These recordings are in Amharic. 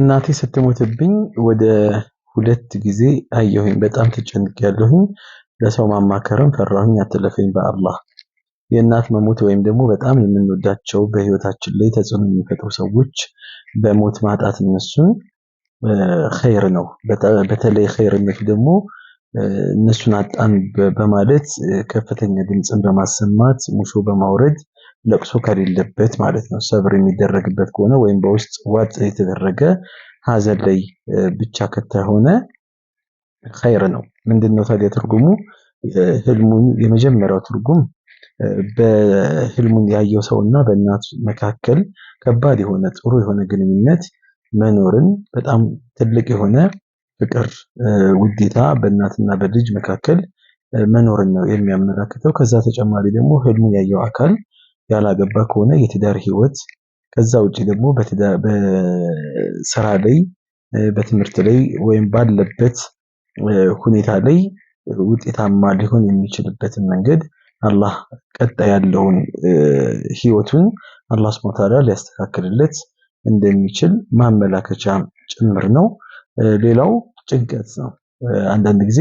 እናቴ ስትሞትብኝ ወደ ሁለት ጊዜ አየሁኝ። በጣም ተጨንቄያለሁኝ። ለሰው ማማከርም ፈራሁኝ። አትለፈኝ በአላህ። የእናት መሞት ወይም ደግሞ በጣም የምንወዳቸው በህይወታችን ላይ ተጽዕኖ የሚፈጥሩ ሰዎች በሞት ማጣት እነሱን ኸይር ነው። በተለይ ኸይርነቱ ደግሞ እነሱን አጣን በማለት ከፍተኛ ድምፅን በማሰማት ሙሾ በማውረድ ለቅሶ ከሌለበት ማለት ነው። ሰብር የሚደረግበት ከሆነ ወይም በውስጥ ዋጥ የተደረገ ሀዘን ላይ ብቻ ከተሆነ ኸይር ነው። ምንድን ነው ታዲያ ትርጉሙ? ህልሙን የመጀመሪያው ትርጉም በህልሙን ያየው ሰውና በእናት መካከል ከባድ የሆነ ጥሩ የሆነ ግንኙነት መኖርን በጣም ትልቅ የሆነ ፍቅር፣ ውዴታ በእናትና በልጅ መካከል መኖርን ነው የሚያመላክተው። ከዛ ተጨማሪ ደግሞ ህልሙን ያየው አካል ያላገባ ከሆነ የትዳር ህይወት ከዛ ውጭ ደግሞ በስራ ላይ በትምህርት ላይ ወይም ባለበት ሁኔታ ላይ ውጤታማ ሊሆን የሚችልበትን መንገድ አላህ ቀጣ ያለውን ህይወቱን አላህ ስብሐ ወተዓላ ሊያስተካክልለት እንደሚችል ማመላከቻ ጭምር ነው። ሌላው ጭንቀት ነው። አንዳንድ ጊዜ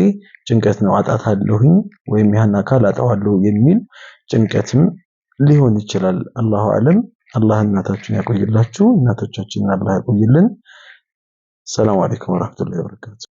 ጭንቀት ነው አጣታለሁኝ ወይም ያን አካል አጣዋለሁ የሚል ጭንቀትም ሊሆን ይችላል። አላሁ አለም። አላህ እናታችን ያቆይላችሁ፣ እናቶቻችንን አላህ ያቆይልን። ሰላም አለይኩም ወራህመቱላሂ ወበረካቱ።